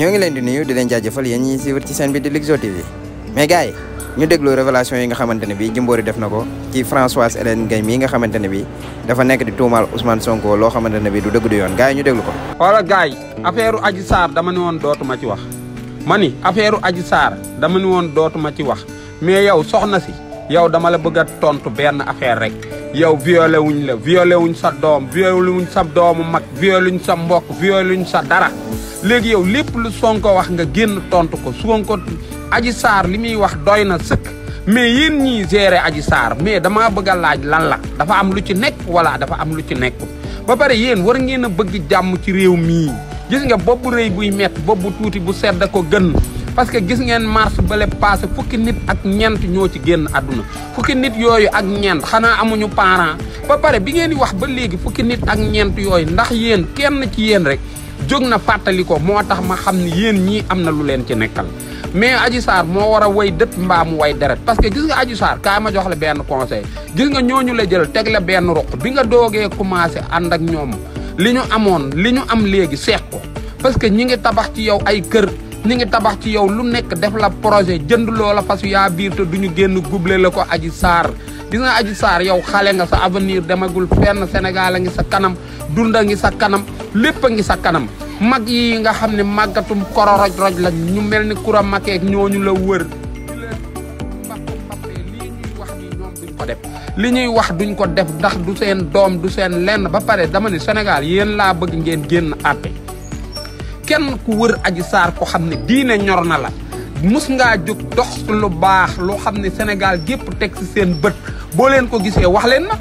ñoo ngi leen di nuyu di leen jaajëfal yéen ñi suivre ci seen bi di Likzo TV mais gars yi ñu déglu révélation yi nga xamante ne bi Jimbori def na ko ci Françoise Hélène Gueye mii nga xamante ne bi dafa nekk di tuumaal Ousmane Sonko loo xamante ne bi du dëgg du yoon gars ñu déglu ko xoola gars yi affaire u Adji Sarr dama ni woon dootuma ci wax ma ni affaire u Adji dama ni woon dootuma ci wax mais yow soxna si yow dama la bëgg a tontu benn affaire rek yow violé la violé wuñ sa doom violé wuñ sa doomu mag violé wuñ sa mbokk violé wuñ sa dara léegi yow lépp lu Sonko wax nga génn tontu ko Sonko aji Sarr li muy wax doy na sëkk mais yéen ñii gérer Adji saar mais dama bëgg a laaj lan la dafa am lu ci nekk wala dafa am lu ci nekku ba pare yéen war ngeen a bëgg jàmm ci réew mii gis nga bopp rëy buy mett bopp tuuti bu sedd ko gën parce que gis ngeen ba bële passé fukki nit ak ñeent ñoo ci génn àdduna fukki nit yooyu ak ñeent xanaa amuñu parent ba pare bi ngeen di wax ba léegi fukki nit ak ñeent yooyu ndax yéen kenn ci yéen rek jóg na fàttali ko moo tax ma xam ni yéen ñii am na lu leen ci nekkal mais Adji Sarr moo war a way dëtt mbaa way deret parce que gis nga Adji Sarr kaay ma jox la benn conseil gis nga ñooñu la jël teg la benn ruq bi nga doogee commencé ànd ak ñoom li ñu amoon li ñu am léegi seex parce que ñi ngi tabax ci yow ay kër ni ngi tabax ci yow lu nekk def la projet jënd loola parce que yaa biir te duñu génn guble la ko aji saar dina nga saar yow xale nga sa avenir demagul fenn Sénégal a ngi sa kanam dund a ngi sa kanam lépp a ngi sa kanam mag yi nga xam ne màggatum kororoj-roj la ñu mel ni kura makeek ñooñu la wër li ñuy wax duñ ko def ndax du seen doom du seen lenn ba pare dama ne Sénégal yéen laa bëgg ngeen génn àtte kenn ku wër aji saar ko xam ne diine ñor na la mus ngaa jóg dox lu baax loo xam ne Sénégal gépp teg ci seen bët boo leen ko gise wax leen na